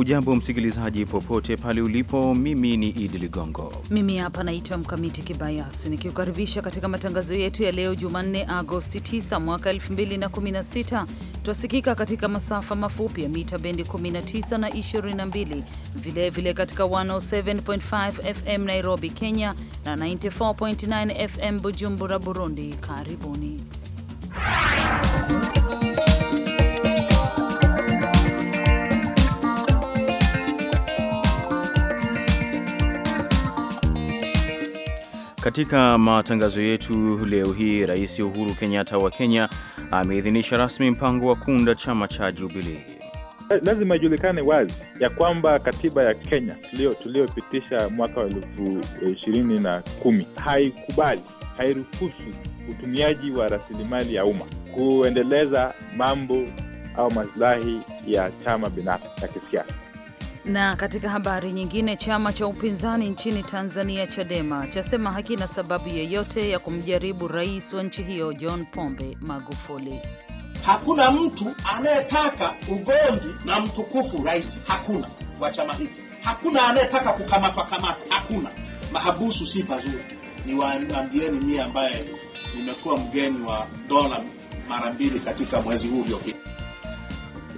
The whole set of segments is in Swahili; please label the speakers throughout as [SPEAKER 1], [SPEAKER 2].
[SPEAKER 1] ujambo msikilizaji, popote pale ulipo. Mimi ni Idi Ligongo,
[SPEAKER 2] mimi hapa naitwa Mkamiti Kibayasi, nikiukaribisha katika matangazo yetu ya leo Jumanne, Agosti 9 mwaka 2016. Twasikika katika masafa mafupi ya mita bendi 19 na 22, vilevile vile katika 107.5 FM Nairobi, Kenya na 94.9 FM Bujumbura, Burundi. Karibuni.
[SPEAKER 1] Katika matangazo yetu leo hii, Rais Uhuru Kenyatta wa Kenya ameidhinisha rasmi mpango wa kuunda chama cha jubilii
[SPEAKER 3] Lazima ijulikane wazi ya kwamba katiba ya Kenya tuliyopitisha mwaka wa elfu eh, ishirini na kumi haikubali, hairuhusu utumiaji wa rasilimali ya umma kuendeleza mambo au masilahi ya chama binafsi ya kisiasa.
[SPEAKER 2] Na katika habari nyingine, chama cha upinzani nchini Tanzania Chadema chasema hakina sababu yeyote ya kumjaribu rais wa nchi hiyo John Pombe Magufuli. Hakuna mtu anayetaka ugomvi na mtukufu rais, hakuna wa
[SPEAKER 4] chama hiki, hakuna anayetaka kukamatwa kamatwa, hakuna. Mahabusu si pazuri. Niwaambieni nyie ambaye nimekuwa mgeni wa dola mara mbili katika mwezi huu uliopita.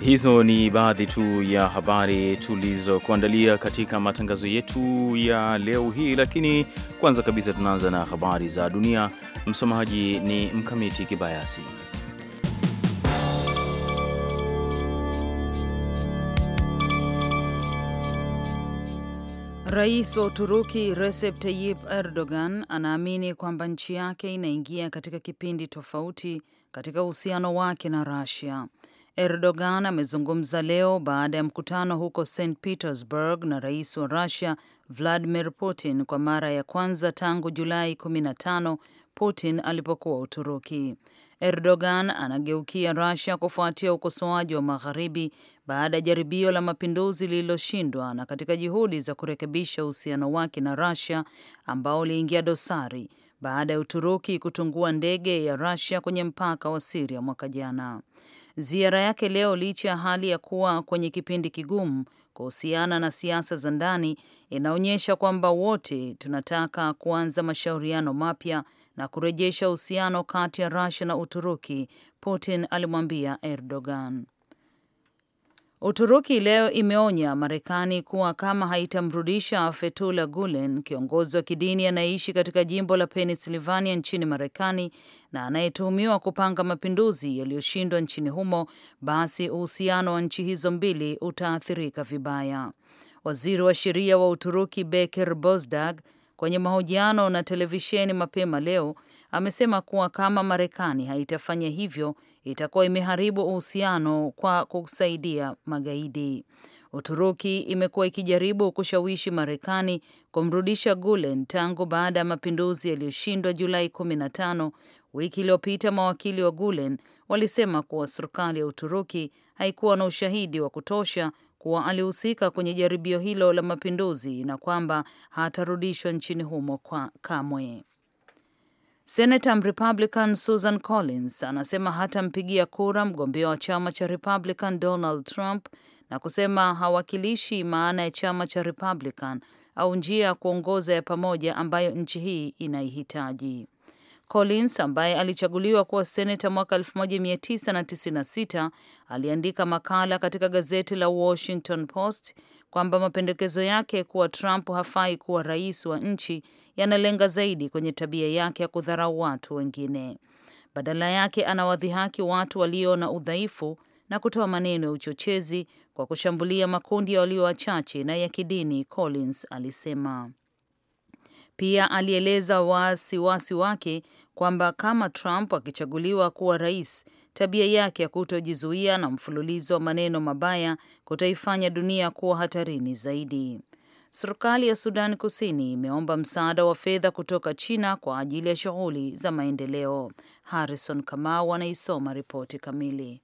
[SPEAKER 1] Hizo ni baadhi tu ya habari tulizokuandalia katika matangazo yetu ya leo hii, lakini kwanza kabisa tunaanza na habari za dunia. Msomaji ni Mkamiti Kibayasi.
[SPEAKER 2] Rais wa Uturuki Recep Tayyip Erdogan anaamini kwamba nchi yake inaingia katika kipindi tofauti katika uhusiano wake na Russia. Erdogan amezungumza leo baada ya mkutano huko St Petersburg na rais wa Russia Vladimir Putin kwa mara ya kwanza tangu Julai 15 Putin alipokuwa Uturuki. Erdogan anageukia Russia kufuatia ukosoaji wa Magharibi baada ya jaribio la mapinduzi lililoshindwa na katika juhudi za kurekebisha uhusiano wake na Russia ambao uliingia dosari baada ya Uturuki kutungua ndege ya Russia kwenye mpaka wa Siria mwaka jana. Ziara yake leo, licha ya hali ya kuwa kwenye kipindi kigumu kuhusiana na siasa za ndani, inaonyesha kwamba wote tunataka kuanza mashauriano mapya na kurejesha uhusiano kati ya Russia na Uturuki, Putin alimwambia Erdogan. Uturuki leo imeonya Marekani kuwa kama haitamrudisha Fethullah Gulen, kiongozi wa kidini anayeishi katika jimbo la Pennsylvania nchini Marekani na anayetuhumiwa kupanga mapinduzi yaliyoshindwa nchini humo, basi uhusiano wa nchi hizo mbili utaathirika vibaya. Waziri wa sheria wa Uturuki Bekir Bozdag kwenye mahojiano na televisheni mapema leo amesema kuwa kama Marekani haitafanya hivyo itakuwa imeharibu uhusiano kwa kusaidia magaidi. Uturuki imekuwa ikijaribu kushawishi Marekani kumrudisha Gulen tangu baada ya mapinduzi yaliyoshindwa Julai 15. Wiki iliyopita mawakili wa Gulen walisema kuwa serikali ya Uturuki haikuwa na ushahidi wa kutosha kuwa alihusika kwenye jaribio hilo la mapinduzi na kwamba hatarudishwa nchini humo kwa kamwe. Senata Mrepublican Susan Collins anasema hatampigia kura mgombea wa chama cha Republican Donald Trump na kusema hawakilishi maana ya chama cha Republican au njia ya kuongoza ya pamoja ambayo nchi hii inaihitaji. Collins ambaye alichaguliwa kuwa seneta mwaka 1996 aliandika makala katika gazeti la Washington Post kwamba mapendekezo yake kuwa Trump hafai kuwa rais wa nchi yanalenga zaidi kwenye tabia yake ya kudharau watu wengine. Badala yake anawadhihaki watu walio na udhaifu na kutoa maneno ya uchochezi kwa kushambulia makundi ya walio wachache na ya kidini, Collins alisema. Pia alieleza wasiwasi wake kwamba kama Trump akichaguliwa kuwa rais, tabia yake ya kutojizuia na mfululizo wa maneno mabaya kutaifanya dunia kuwa hatarini zaidi. Serikali ya Sudan Kusini imeomba msaada wa fedha kutoka China kwa ajili ya shughuli za maendeleo. Harrison Kamau anaisoma ripoti kamili.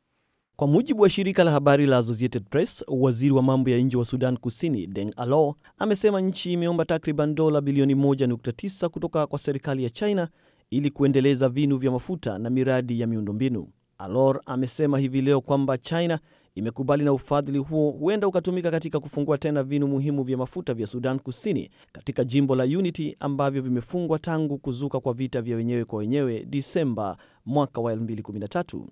[SPEAKER 5] Kwa mujibu wa shirika la habari la Associated Press, waziri wa mambo ya nje wa Sudan Kusini Deng Alo amesema nchi imeomba takriban dola bilioni 1.9 kutoka kwa serikali ya China ili kuendeleza vinu vya mafuta na miradi ya miundombinu. Alor amesema hivi leo kwamba China imekubali na ufadhili huo huenda ukatumika katika kufungua tena vinu muhimu vya mafuta vya Sudan Kusini katika jimbo la Unity ambavyo vimefungwa tangu kuzuka kwa vita vya wenyewe kwa wenyewe Disemba mwaka wa 2013.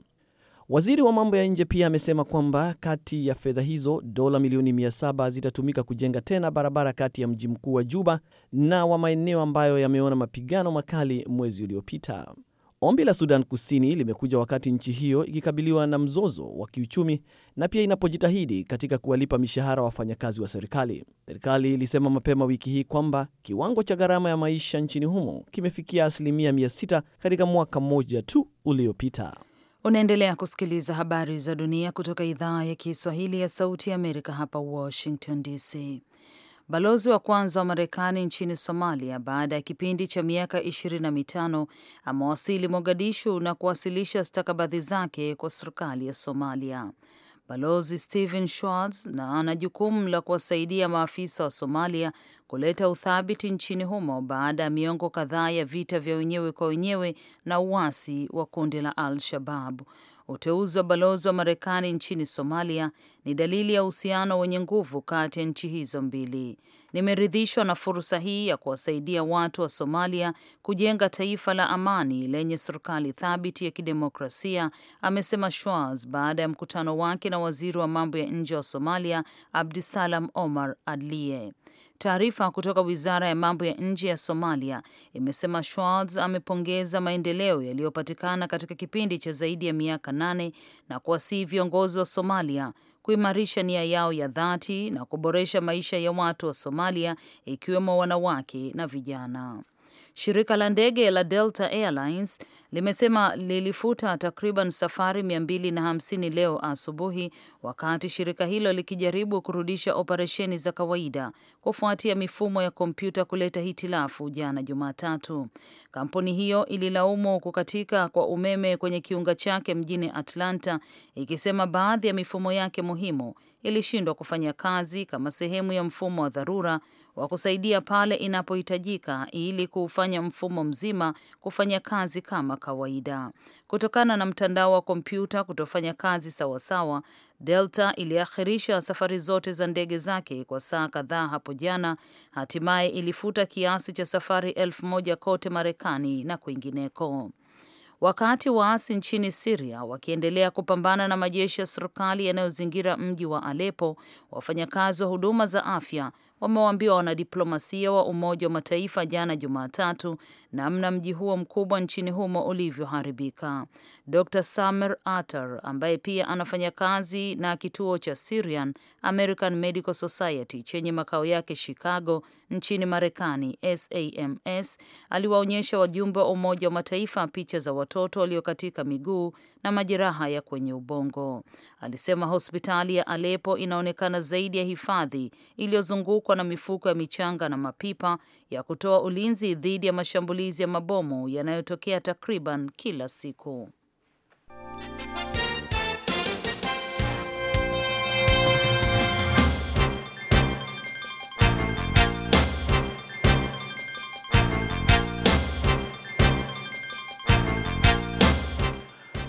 [SPEAKER 5] Waziri wa mambo ya nje pia amesema kwamba kati ya fedha hizo dola milioni 700 zitatumika kujenga tena barabara kati ya mji mkuu wa Juba na wa maeneo ambayo yameona mapigano makali mwezi uliopita. Ombi la Sudan Kusini limekuja wakati nchi hiyo ikikabiliwa na mzozo wa kiuchumi na pia inapojitahidi katika kuwalipa mishahara wafanyakazi wa serikali. Serikali ilisema mapema wiki hii kwamba kiwango cha gharama ya maisha nchini humo kimefikia asilimia 600 katika mwaka mmoja tu uliopita.
[SPEAKER 2] Unaendelea kusikiliza habari za dunia kutoka idhaa ya Kiswahili ya Sauti ya Amerika, hapa Washington DC. Balozi wa kwanza wa Marekani nchini Somalia baada ya kipindi cha miaka ishirini na mitano amewasili Mogadishu na kuwasilisha stakabadhi zake kwa serikali ya Somalia. Balozi Stephen Schwartz na ana jukumu la kuwasaidia maafisa wa Somalia kuleta uthabiti nchini humo baada ya miongo kadhaa ya vita vya wenyewe kwa wenyewe na uasi wa kundi la al shababu Uteuzi wa balozi wa Marekani nchini Somalia ni dalili ya uhusiano wenye nguvu kati ya nchi hizo mbili. Nimeridhishwa na fursa hii ya kuwasaidia watu wa Somalia kujenga taifa la amani lenye serikali thabiti ya kidemokrasia, amesema shwaz baada ya mkutano wake na waziri wa mambo ya nje wa Somalia Abdisalam Omar Adlie. Taarifa kutoka wizara ya mambo ya nje ya Somalia imesema Schwartz amepongeza maendeleo yaliyopatikana katika kipindi cha zaidi ya miaka nane na kuwasihi viongozi wa Somalia kuimarisha nia yao ya dhati na kuboresha maisha ya watu wa Somalia ikiwemo wanawake na vijana. Shirika la ndege la Delta Airlines limesema lilifuta takriban safari 250 leo asubuhi, wakati shirika hilo likijaribu kurudisha operesheni za kawaida kufuatia mifumo ya kompyuta kuleta hitilafu jana Jumatatu. Kampuni hiyo ililaumu kukatika kwa umeme kwenye kiunga chake mjini Atlanta, ikisema baadhi ya mifumo yake muhimu ilishindwa kufanya kazi kama sehemu ya mfumo wa dharura wa kusaidia pale inapohitajika ili kuufanya mfumo mzima kufanya kazi kama kawaida. Kutokana na mtandao wa kompyuta kutofanya kazi sawasawa, Delta iliakhirisha safari zote za ndege zake kwa saa kadhaa hapo jana, hatimaye ilifuta kiasi cha safari elfu moja kote Marekani na kwingineko. Wakati waasi nchini Siria wakiendelea kupambana na majeshi ya serikali yanayozingira mji wa Alepo, wafanyakazi wa huduma za afya wamewaambia wanadiplomasia wa Umoja wa Mataifa jana Jumatatu namna mji huo mkubwa nchini humo ulivyoharibika. Dr Samer Atar ambaye pia anafanya kazi na kituo cha Syrian American Medical Society chenye makao yake Chicago nchini Marekani, SAMS, aliwaonyesha wajumbe wa Umoja wa Mataifa picha za watoto waliokatika miguu na majeraha ya kwenye ubongo. Alisema hospitali ya Alepo inaonekana zaidi ya hifadhi iliyozungukwa kuwekwa na mifuko ya michanga na mapipa ya kutoa ulinzi dhidi ya mashambulizi ya mabomu yanayotokea takriban kila siku.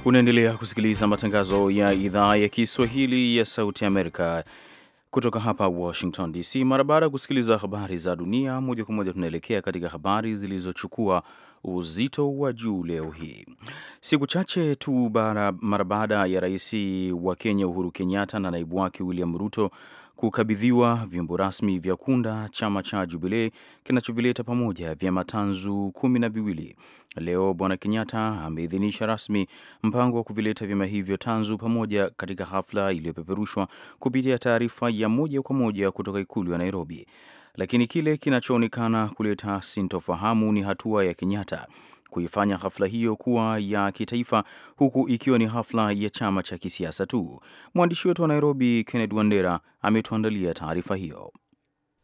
[SPEAKER 1] Unaendelea kusikiliza matangazo ya idhaa ya Kiswahili ya Sauti Amerika kutoka hapa Washington DC, mara baada ya kusikiliza habari za dunia moja kwa moja, tunaelekea katika habari zilizochukua uzito wa juu leo hii, siku chache tu mara baada ya rais wa Kenya Uhuru Kenyatta na naibu wake William Ruto kukabidhiwa vyombo rasmi vya kunda chama cha Jubilee kinachovileta pamoja vyama tanzu kumi na viwili. Leo Bwana Kenyatta ameidhinisha rasmi mpango wa kuvileta vyama hivyo tanzu pamoja katika hafla iliyopeperushwa kupitia taarifa ya moja kwa moja kutoka ikulu ya Nairobi. Lakini kile kinachoonekana kuleta sintofahamu ni hatua ya Kenyatta kuifanya hafla hiyo kuwa ya kitaifa huku ikiwa ni hafla ya chama cha kisiasa tu. Mwandishi wetu wa Nairobi, Kenneth Wandera, ametuandalia taarifa hiyo.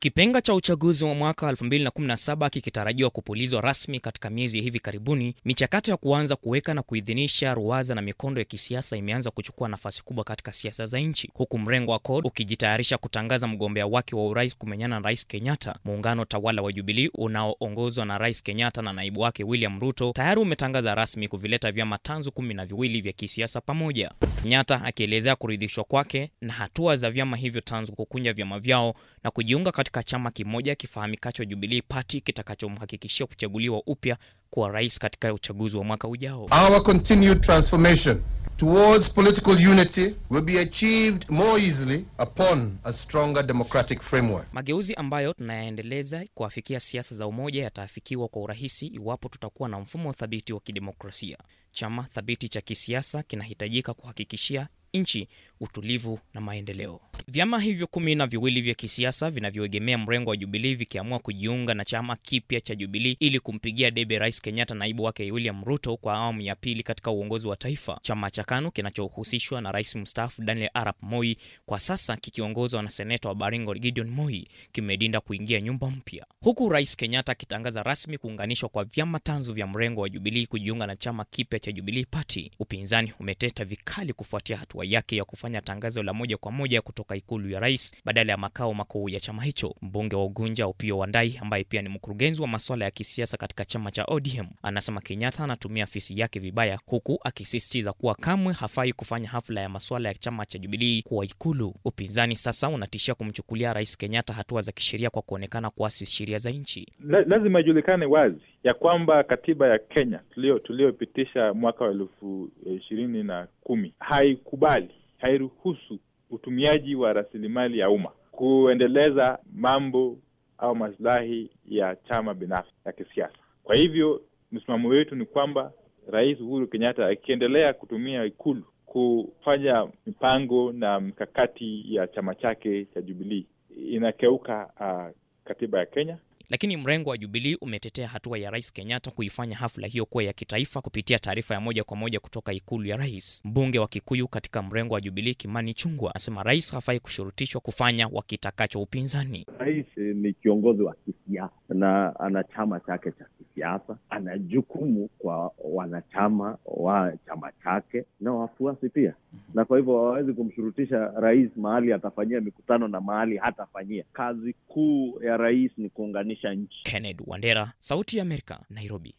[SPEAKER 6] Kipenga cha uchaguzi wa mwaka 2017 kikitarajiwa kupulizwa rasmi katika miezi ya hivi karibuni, michakato ya kuanza kuweka na kuidhinisha ruwaza na mikondo ya kisiasa imeanza kuchukua nafasi kubwa katika siasa za nchi, huku mrengo wa CORD ukijitayarisha kutangaza mgombea wake wa urais kumenyana na Rais Kenyatta. Muungano tawala wa jubilii unaoongozwa na Rais Kenyatta na naibu wake William Ruto tayari umetangaza rasmi kuvileta vyama tanzu kumi na viwili vya kisiasa pamoja, Kenyatta akielezea kuridhishwa kwake na hatua za vyama hivyo tanzu kukunja vyama vyao na kujiunga katika katika chama kimoja kifahamikacho Jubilee Party kitakachomhakikishia kuchaguliwa upya kuwa rais katika uchaguzi wa mwaka ujao.
[SPEAKER 4] Our continued transformation towards political
[SPEAKER 7] unity will be achieved more easily upon a stronger democratic framework.
[SPEAKER 6] Mageuzi ambayo tunayaendeleza kuafikia siasa za umoja yataafikiwa kwa urahisi iwapo tutakuwa na mfumo thabiti wa kidemokrasia. Chama thabiti cha kisiasa kinahitajika kuhakikishia nchi utulivu na maendeleo. Vyama hivyo kumi na viwili vya kisiasa vinavyoegemea mrengo wa Jubilii vikiamua kujiunga na chama kipya cha Jubilii ili kumpigia debe Rais Kenyatta, naibu wake William Ruto kwa awamu ya pili katika uongozi wa taifa. Chama cha kano kinachohusishwa na rais mstaafu Daniel Arap Moi, kwa sasa kikiongozwa na seneta wa Baringo Gideon Moi, kimedinda kuingia nyumba mpya, huku Rais Kenyatta akitangaza rasmi kuunganishwa kwa vyama tanzu vya mrengo wa Jubilii kujiunga na chama kipya cha Jubilii pati Upinzani umeteta vikali kufuatia hatua yake ya kufanya kufanya tangazo la moja kwa moja kutoka ikulu ya rais badala ya makao makuu ya chama hicho. Mbunge wa Ugunja wa ndai ambaye pia ni mkurugenzi wa masuala ya kisiasa katika chama cha ODM, anasema Kenyatta anatumia afisi yake vibaya, huku akisisitiza kuwa kamwe hafai kufanya hafla ya masuala ya chama cha Jubilii kuwa ikulu. Upinzani sasa unatishia kumchukulia rais Kenyatta hatua za kisheria kwa kuonekana kuasi sheria za nchi.
[SPEAKER 3] lazima ijulikane wazi ya kwamba katiba ya Kenya tuliyopitisha mwaka wa elfu eh, ishirini na kumi haikubali hairuhusu utumiaji wa rasilimali ya umma kuendeleza mambo au masilahi ya chama binafsi ya kisiasa. Kwa hivyo msimamo wetu ni kwamba Rais Uhuru Kenyatta akiendelea kutumia Ikulu kufanya mipango na mikakati ya chama chake cha Jubilii inakeuka uh, katiba ya Kenya
[SPEAKER 6] lakini mrengo wa Jubilee umetetea hatua ya Rais Kenyatta kuifanya hafla hiyo kuwa ya kitaifa kupitia taarifa ya moja kwa moja kutoka ikulu ya rais. Mbunge wa Kikuyu katika mrengo wa Jubilee Kimani Chungwa asema rais hafai kushurutishwa kufanya wakitakacho upinzani.
[SPEAKER 1] Rais eh, ni kiongozi wa kisiasa na ana chama chake cha kisiasa, ana jukumu kwa wanachama wa chama chake na wafuasi pia, mhm. na kwa hivyo hawawezi kumshurutisha rais mahali atafanyia mikutano na mahali hatafanyia. Kazi kuu ya rais ni kuunganisha kuimarisha nchi.
[SPEAKER 6] Kennedy Wandera, Sauti ya Amerika, Nairobi.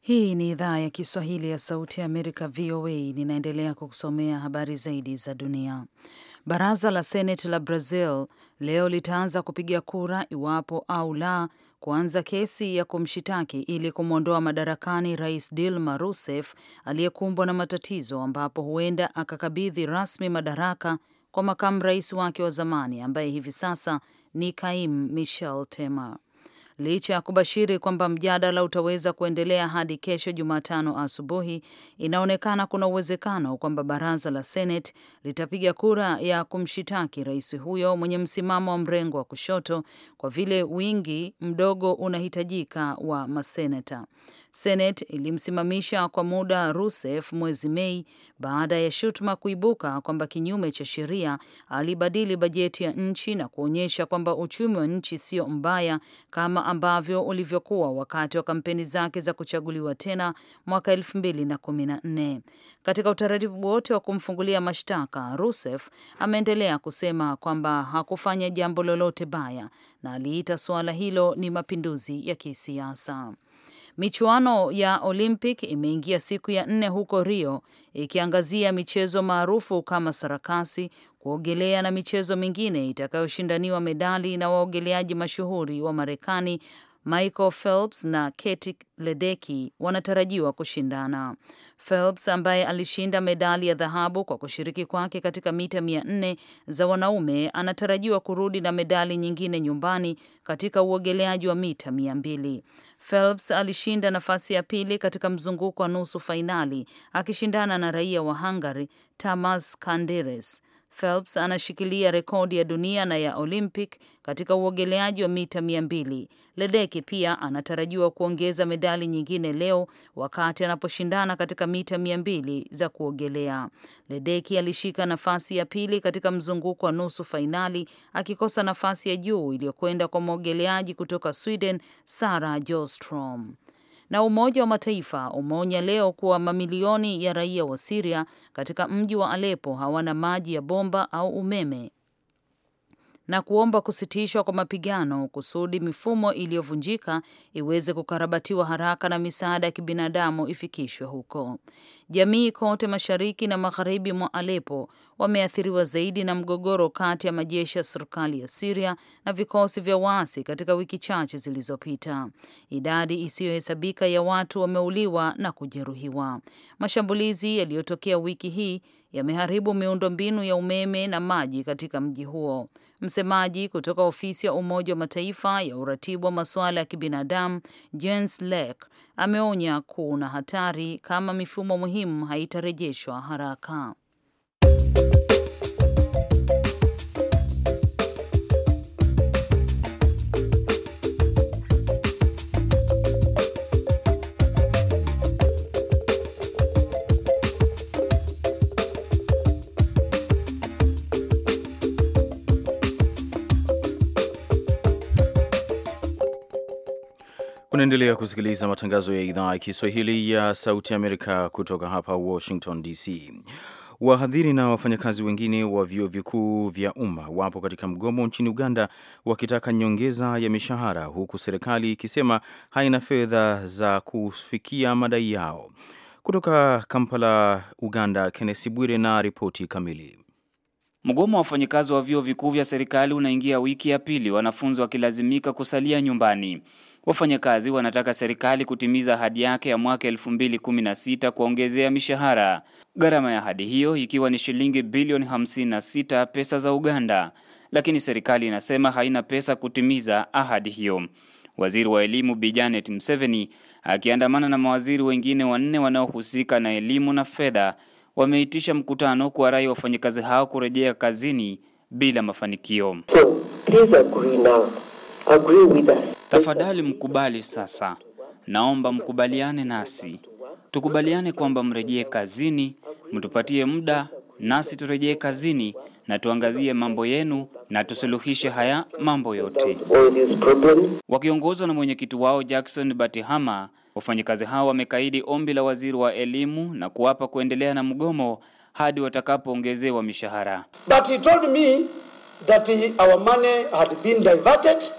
[SPEAKER 2] Hii ni idhaa ya Kiswahili ya Sauti ya Amerika, VOA. Ninaendelea kukusomea habari zaidi za dunia. Baraza la Seneti la Brazil leo litaanza kupiga kura iwapo au la kuanza kesi ya kumshitaki ili kumwondoa madarakani Rais Dilma Rousseff aliyekumbwa na matatizo, ambapo huenda akakabidhi rasmi madaraka kwa makamu rais wake wa zamani ambaye hivi sasa ni Kaimu Michel Temer licha ya kubashiri kwamba mjadala utaweza kuendelea hadi kesho Jumatano asubuhi. Inaonekana kuna uwezekano kwamba baraza la Seneti litapiga kura ya kumshitaki rais huyo mwenye msimamo wa mrengo wa kushoto kwa vile wingi mdogo unahitajika wa maseneta. Seneti ilimsimamisha kwa muda Rusef mwezi Mei baada ya shutuma kuibuka kwamba kinyume cha sheria alibadili bajeti ya nchi na kuonyesha kwamba uchumi wa nchi sio mbaya kama ambavyo ulivyokuwa wakati wa kampeni zake za kuchaguliwa tena mwaka elfu mbili na kumi na nne. Katika utaratibu wote wa kumfungulia mashtaka, Rusef ameendelea kusema kwamba hakufanya jambo lolote baya na aliita suala hilo ni mapinduzi ya kisiasa. Michuano ya Olympic imeingia siku ya nne huko Rio, ikiangazia michezo maarufu kama sarakasi, kuogelea na michezo mingine itakayoshindaniwa medali na waogeleaji mashuhuri wa Marekani Michael Phelps na Keti ledeki wanatarajiwa kushindana. Phelps ambaye alishinda medali ya dhahabu kwa kushiriki kwake katika mita mia nne za wanaume anatarajiwa kurudi na medali nyingine nyumbani katika uogeleaji wa mita mia mbili. Phelps alishinda nafasi ya pili katika mzunguko wa nusu fainali akishindana na raia wa Hungary Tamas Kanderes. Phelps anashikilia rekodi ya dunia na ya Olympic katika uogeleaji wa mita mia mbili. Ledeke pia anatarajiwa kuongeza medali nyingine leo wakati anaposhindana katika mita mia mbili za kuogelea. Ledeki alishika nafasi ya pili katika mzunguko wa nusu fainali akikosa nafasi ya juu iliyokwenda kwa mwogeleaji kutoka Sweden Sara Jostrom. Na Umoja wa Mataifa umeonya leo kuwa mamilioni ya raia wa Siria katika mji wa Alepo hawana maji ya bomba au umeme na kuomba kusitishwa kwa mapigano kusudi mifumo iliyovunjika iweze kukarabatiwa haraka na misaada ya kibinadamu ifikishwe huko. Jamii kote mashariki na magharibi mwa Aleppo wameathiriwa zaidi na mgogoro kati ya majeshi ya serikali ya Syria na vikosi vya waasi katika wiki chache zilizopita. Idadi isiyohesabika ya watu wameuliwa na kujeruhiwa. Mashambulizi yaliyotokea wiki hii yameharibu miundombinu ya umeme na maji katika mji huo. Msemaji kutoka ofisi ya Umoja wa Mataifa ya uratibu wa masuala ya kibinadamu Jens Lek ameonya kuna hatari kama mifumo muhimu haitarejeshwa haraka.
[SPEAKER 1] Unaendelea kusikiliza matangazo ya idhaa ya Kiswahili ya Sauti Amerika kutoka hapa Washington DC. Wahadhiri na wafanyakazi wengine wa vyuo vikuu vya umma wapo katika mgomo nchini Uganda wakitaka nyongeza ya mishahara, huku serikali ikisema haina fedha za kufikia madai yao. Kutoka Kampala, Uganda, Kennesi Bwire na ripoti kamili. Mgomo wa wafanyakazi wa vyuo vikuu vya serikali unaingia wiki ya pili,
[SPEAKER 8] wanafunzi wakilazimika kusalia nyumbani. Wafanyakazi wanataka serikali kutimiza ahadi yake ya mwaka 2016 kuongezea mishahara, gharama ya ahadi hiyo ikiwa ni shilingi bilioni 56 pesa za Uganda, lakini serikali inasema haina pesa kutimiza ahadi hiyo. Waziri wa elimu Bi Janet Museveni akiandamana na mawaziri wengine wanne wanaohusika na elimu na fedha wameitisha mkutano kwa rai wafanyakazi hao kurejea kazini bila mafanikio. So, please agree now. Agree with us. Tafadhali mkubali sasa. Naomba mkubaliane nasi, tukubaliane kwamba mrejee kazini, mtupatie muda nasi turejee kazini na tuangazie mambo yenu na tusuluhishe haya mambo yote. Wakiongozwa na mwenyekiti wao Jackson Batihama, wafanyakazi hao wamekaidi ombi la waziri wa elimu na kuapa kuendelea na mgomo hadi watakapoongezewa mishahara.
[SPEAKER 4] But he told me that our money had been diverted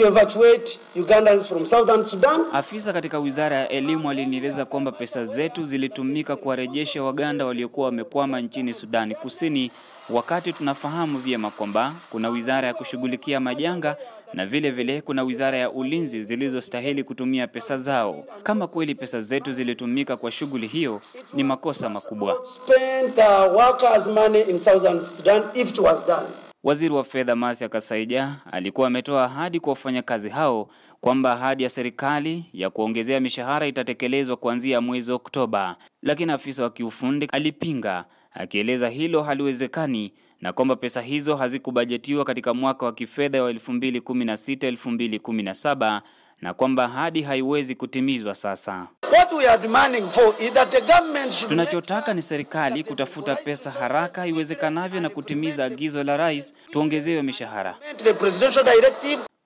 [SPEAKER 4] to evacuate Ugandans from Southern Sudan.
[SPEAKER 8] Afisa katika Wizara ya Elimu alinieleza kwamba pesa zetu zilitumika kuwarejesha Waganda waliokuwa wamekwama nchini Sudani Kusini, wakati tunafahamu vyema kwamba kuna wizara ya kushughulikia majanga na vile vile kuna wizara ya ulinzi zilizostahili kutumia pesa zao. Kama kweli pesa zetu zilitumika kwa shughuli hiyo, ni makosa makubwa.
[SPEAKER 4] Spend the workers money in Southern Sudan if it was done.
[SPEAKER 8] Waziri wa Fedha Masia Kasaija alikuwa ametoa ahadi kwa wafanyakazi hao kwamba ahadi ya serikali ya kuongezea mishahara itatekelezwa kuanzia mwezi Oktoba, lakini afisa wa kiufundi alipinga akieleza hilo haliwezekani na kwamba pesa hizo hazikubajetiwa katika mwaka wa kifedha wa 2016-2017 na kwamba ahadi haiwezi kutimizwa sasa. Tunachotaka ni serikali kutafuta pesa haraka iwezekanavyo na kutimiza agizo la rais tuongezewe mishahara.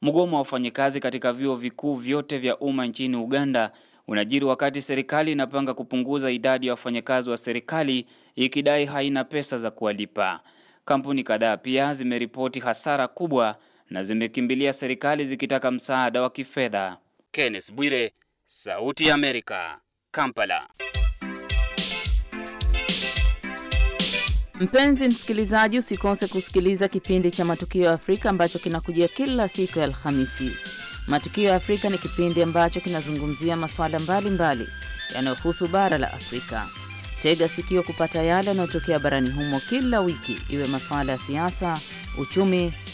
[SPEAKER 8] Mgomo wa wafanyakazi katika vyuo vikuu vyote vya umma nchini Uganda unajiri wakati serikali inapanga kupunguza idadi ya wafanyakazi wa serikali ikidai haina pesa za kuwalipa. Kampuni kadhaa pia zimeripoti hasara kubwa na zimekimbilia serikali zikitaka msaada wa kifedha. Kenneth Bwire, Sauti ya Amerika, Kampala.
[SPEAKER 2] Mpenzi msikilizaji, usikose kusikiliza kipindi cha Matukio ya Afrika ambacho kinakujia kila siku ya Alhamisi. Matukio ya Afrika ni kipindi ambacho kinazungumzia masuala mbalimbali yanayohusu bara la Afrika. Tega sikio kupata yale yanayotokea barani humo kila wiki, iwe masuala ya siasa, uchumi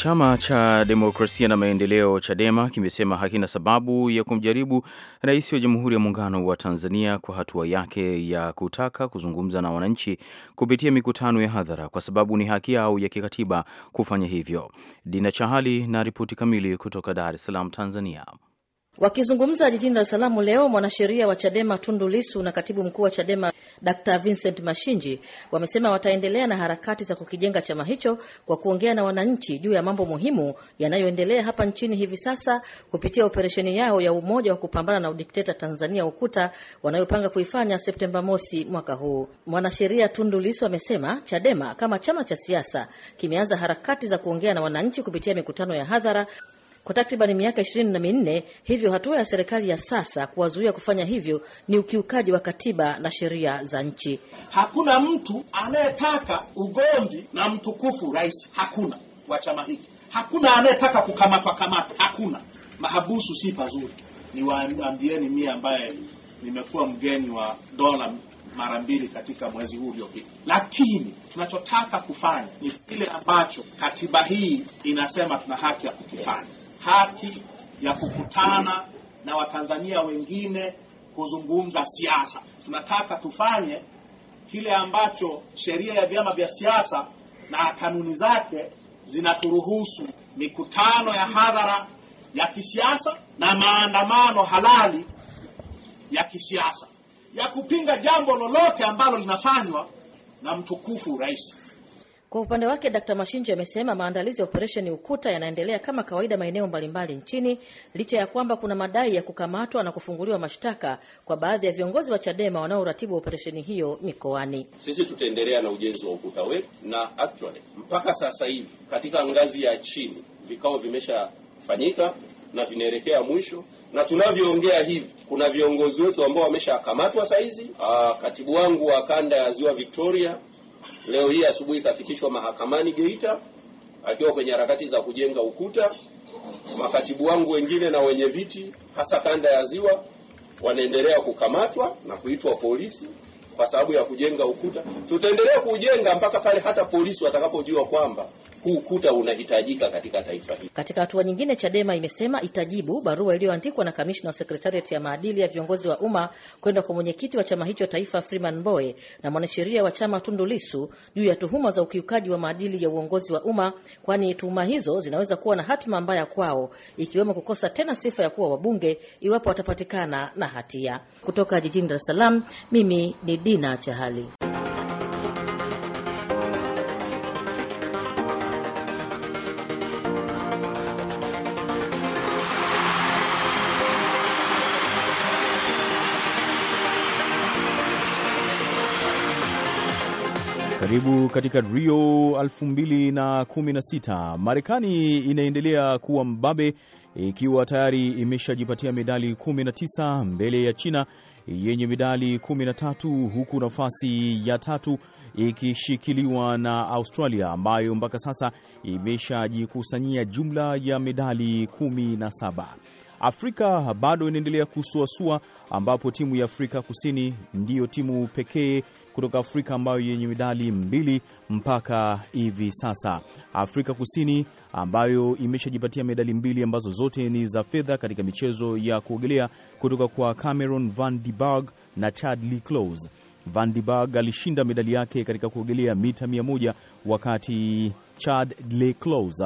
[SPEAKER 1] Chama cha Demokrasia na Maendeleo, Chadema, kimesema hakina sababu ya kumjaribu rais wa Jamhuri ya Muungano wa Tanzania kwa hatua yake ya kutaka kuzungumza na wananchi kupitia mikutano ya hadhara, kwa sababu ni haki yao ya kikatiba kufanya hivyo. Dina Chahali na ripoti kamili kutoka Dar es Salaam, Tanzania.
[SPEAKER 7] Wakizungumza jijini Dar es Salaam leo, mwanasheria wa Chadema Tundu Lisu na katibu mkuu wa Chadema Dr. Vincent Mashinji wamesema wataendelea na harakati za kukijenga chama hicho kwa kuongea na wananchi juu ya mambo muhimu yanayoendelea hapa nchini hivi sasa kupitia operesheni yao ya umoja wa kupambana na udikteta Tanzania UKUTA wanayopanga kuifanya Septemba mosi mwaka huu. Mwanasheria Tundu Lisu amesema Chadema kama chama cha siasa kimeanza harakati za kuongea na wananchi kupitia mikutano ya hadhara kwa takribani miaka ishirini na minne. Hivyo hatua ya serikali ya sasa kuwazuia kufanya hivyo ni ukiukaji wa katiba na sheria za nchi. Hakuna mtu anayetaka ugomvi
[SPEAKER 4] na mtukufu rais, hakuna wa chama hiki, hakuna anayetaka kukamatwa kamata, hakuna. Mahabusu si pazuri. Niwaambieni mie ambaye nimekuwa mgeni wa dola mara mbili katika mwezi huu uliopita, lakini tunachotaka kufanya ni kile ambacho katiba hii inasema tuna haki ya kukifanya haki ya kukutana na Watanzania wengine kuzungumza siasa. Tunataka tufanye kile ambacho sheria ya vyama vya siasa na kanuni zake zinaturuhusu: mikutano ya hadhara ya kisiasa na maandamano halali ya kisiasa ya kupinga
[SPEAKER 7] jambo lolote ambalo linafanywa na mtukufu rais. Kwa upande wake Dkt. Mashinji amesema maandalizi ya operesheni Ukuta yanaendelea kama kawaida maeneo mbalimbali nchini licha ya kwamba kuna madai ya kukamatwa na kufunguliwa mashtaka kwa baadhi ya viongozi wa Chadema wanaoratibu operesheni hiyo mikoani.
[SPEAKER 4] Sisi tutaendelea na ujenzi wa ukuta wetu, na actually mpaka sasa hivi katika ngazi ya chini vikao vimeshafanyika na vinaelekea mwisho na tunavyoongea hivi kuna viongozi wetu ambao wameshakamatwa saizi. Ah, katibu wangu wa kanda ya Ziwa Victoria Leo hii asubuhi kafikishwa mahakamani Geita akiwa kwenye harakati za kujenga ukuta. Makatibu wangu wengine na wenye viti hasa kanda ya Ziwa wanaendelea kukamatwa na kuitwa polisi kwa sababu ya kujenga ukuta. Tutaendelea kuujenga mpaka pale hata polisi watakapojua kwamba huu ukuta unahitajika katika taifa hili.
[SPEAKER 7] Katika hatua nyingine, Chadema imesema itajibu barua iliyoandikwa na kamishna wa sekretariat ya maadili ya viongozi wa umma kwenda kwa mwenyekiti wa chama hicho taifa Freeman Mbowe na mwanasheria wa chama Tundu Lissu juu ya tuhuma za ukiukaji wa maadili ya uongozi wa umma, kwani tuhuma hizo zinaweza kuwa na hatima mbaya kwao, ikiwemo kukosa tena sifa ya kuwa wabunge iwapo watapatikana na hatia. Kutoka jijini Dar es Salaam, mimi ni Dina Chahali.
[SPEAKER 1] Karibu katika Rio 2016. Marekani inaendelea kuwa mbabe ikiwa tayari imeshajipatia medali 19 mbele ya China yenye medali 13 huku nafasi ya tatu ikishikiliwa na Australia ambayo mpaka sasa imeshajikusanyia jumla ya medali 17. Afrika bado inaendelea kusuasua, ambapo timu ya Afrika Kusini ndiyo timu pekee kutoka Afrika ambayo yenye medali mbili mpaka hivi sasa. Afrika Kusini ambayo imeshajipatia medali mbili ambazo zote ni za fedha katika michezo ya kuogelea kutoka kwa Cameron Van de Burg na Chadli Close. Van de Burg alishinda medali yake katika kuogelea mita 1 wakati Chad Le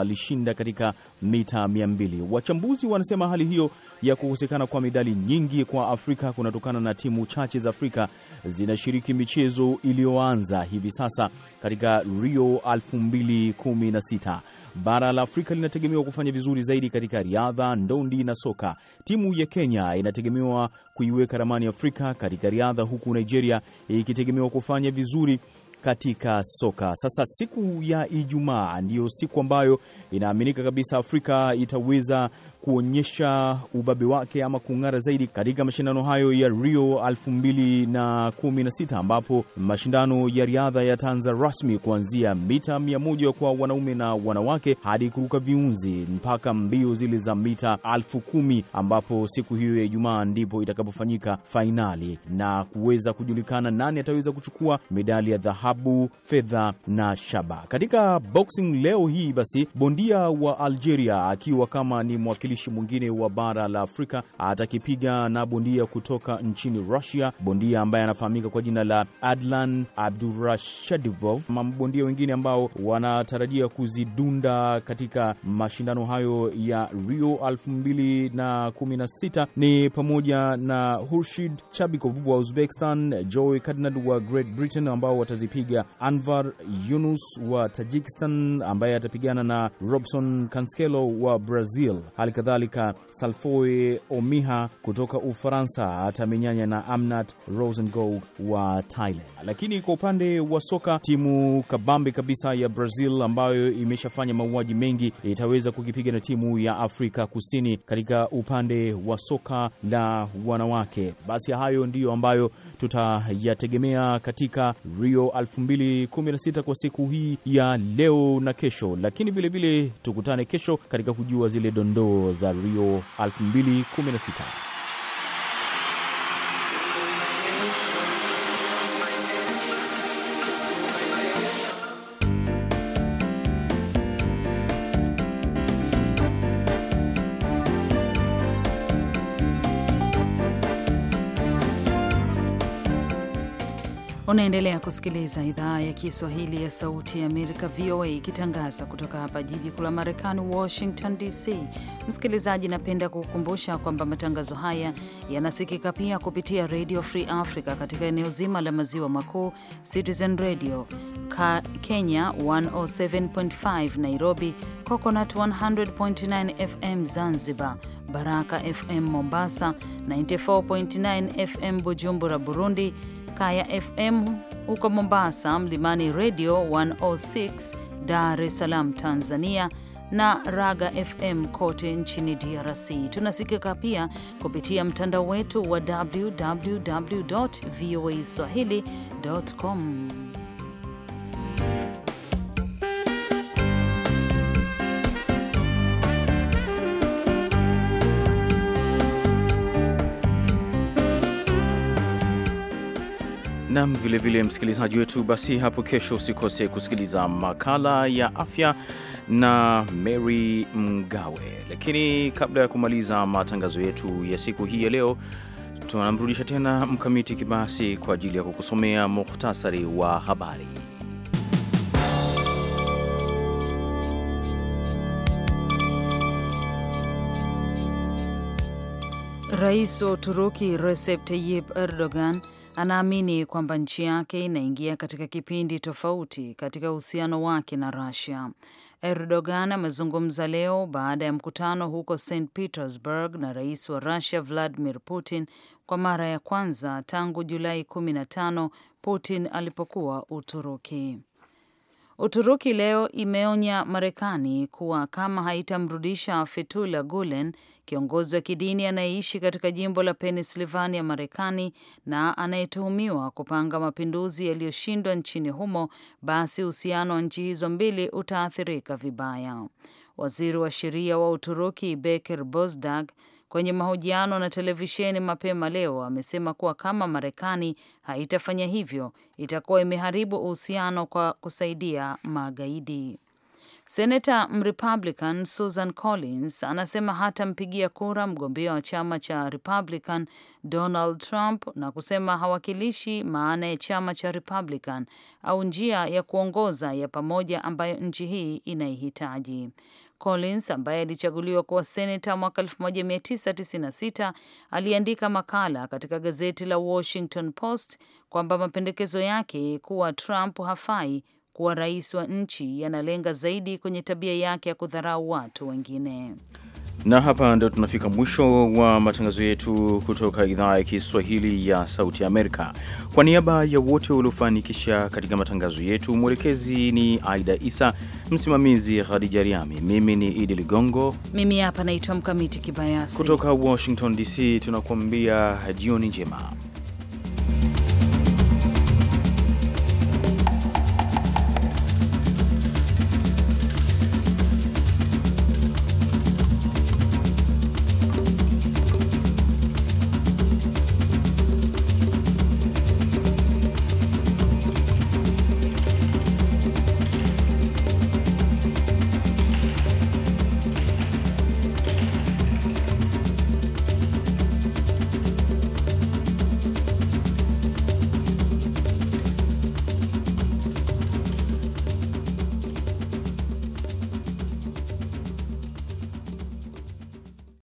[SPEAKER 1] alishinda katika mita 200. Wachambuzi wanasema hali hiyo ya kukosekana kwa midali nyingi kwa Afrika kunatokana na timu chache za Afrika zinashiriki michezo iliyoanza hivi sasa katika Rio 2016. Bara la Afrika linategemewa kufanya vizuri zaidi katika riadha, ndondi na soka. Timu ya Kenya inategemewa kuiweka ramani Afrika katika riadha, huku Nigeria ikitegemewa kufanya vizuri katika soka. Sasa siku ya Ijumaa ndiyo siku ambayo inaaminika kabisa Afrika itaweza kuonyesha ubabe wake ama kung'ara zaidi katika mashindano hayo ya Rio 2016 ambapo mashindano ya riadha yataanza rasmi kuanzia mita 100 kwa wanaume na wanawake hadi kuruka viunzi mpaka mbio zile za mita elfu kumi ambapo siku hiyo ya Ijumaa ndipo itakapofanyika fainali na kuweza kujulikana nani ataweza kuchukua medali ya dhahabu, fedha na shaba. Katika boxing leo hii basi bondia wa Algeria akiwa kama ni mwakili mwakilishi mwingine wa bara la Afrika atakipiga na bondia kutoka nchini Russia, bondia ambaye anafahamika kwa jina la Adlan Abdurashadivov. Mabondia wengine ambao wanatarajia kuzidunda katika mashindano hayo ya Rio 2016 ni pamoja na Hurshid Chabikov wa Uzbekistan, Joy Cardinal wa Great Britain ambao watazipiga Anvar Yunus wa Tajikistan ambaye atapigana na Robson kanskelo wa Brazil. Hali kadhalika salfoy Omiha kutoka Ufaransa atamenyanya na Amnat rosengo wa Thailand. Lakini kwa upande wa soka, timu kabambe kabisa ya Brazil ambayo imeshafanya mauaji mengi itaweza kukipiga na timu ya Afrika Kusini katika upande wa soka la wanawake. Basi hayo ndiyo ambayo tutayategemea katika Rio 2016 kwa siku hii ya leo na kesho, lakini vilevile tukutane kesho katika kujua zile dondoo za Rio 2016.
[SPEAKER 2] Unaendelea kusikiliza idhaa ya Kiswahili ya Sauti ya Amerika, VOA, ikitangaza kutoka hapa jiji kuu la Marekani, Washington DC. Msikilizaji, napenda kukukumbusha kwamba matangazo haya yanasikika pia kupitia Radio Free Africa katika eneo zima la maziwa makuu, Citizen Radio Kenya 107.5 Nairobi, Coconut 100.9 FM Zanzibar, Baraka FM Mombasa 94.9 FM Bujumbura, Burundi, Kaya FM huko Mombasa, Mlimani Radio 106 Dar es Salaam Tanzania, na Raga FM kote nchini DRC. Tunasikika pia kupitia mtandao wetu wa www voa swahili.com.
[SPEAKER 1] Nam, vilevile msikilizaji wetu, basi hapo kesho usikose kusikiliza makala ya afya na Mary Mgawe. Lakini kabla ya kumaliza matangazo yetu ya siku hii ya leo, tunamrudisha tena Mkamiti Kibasi kwa ajili ya kukusomea muhtasari wa habari.
[SPEAKER 2] Rais wa Uturuki Recep Tayyip Erdogan anaamini kwamba nchi yake inaingia katika kipindi tofauti katika uhusiano wake na Russia. Erdogan amezungumza leo baada ya mkutano huko St Petersburg na rais wa Russia Vladimir Putin kwa mara ya kwanza tangu Julai 15 Putin alipokuwa Uturuki. Uturuki leo imeonya Marekani kuwa kama haitamrudisha Fethullah Gulen kiongozi wa kidini anayeishi katika jimbo la Pennsylvania, Marekani, na anayetuhumiwa kupanga mapinduzi yaliyoshindwa nchini humo, basi uhusiano wa nchi hizo mbili utaathirika vibaya. Waziri wa sheria wa Uturuki Bekir Bozdag kwenye mahojiano na televisheni mapema leo amesema kuwa kama Marekani haitafanya hivyo itakuwa imeharibu uhusiano kwa kusaidia magaidi. Senata Mrepublican Susan Collins anasema hatampigia kura mgombea wa chama cha Republican Donald Trump na kusema hawakilishi maana ya chama cha Republican au njia ya kuongoza ya pamoja ambayo nchi hii inaihitaji. Collins ambaye alichaguliwa kuwa seneta mwaka 1996 aliandika makala katika gazeti la Washington Post kwamba mapendekezo yake kuwa Trump hafai kuwa rais wa nchi yanalenga zaidi kwenye tabia yake ya kudharau watu wengine.
[SPEAKER 1] Na hapa ndio tunafika mwisho wa matangazo yetu kutoka idhaa ya Kiswahili ya Sauti ya Amerika. Kwa niaba ya wote waliofanikisha katika matangazo yetu, mwelekezi ni Aida Isa, msimamizi Khadija Riami, mimi ni Idi Ligongo,
[SPEAKER 2] mimi hapa naitwa Mkamiti Kibayasi. Kutoka
[SPEAKER 1] Washington DC tunakuambia jioni njema.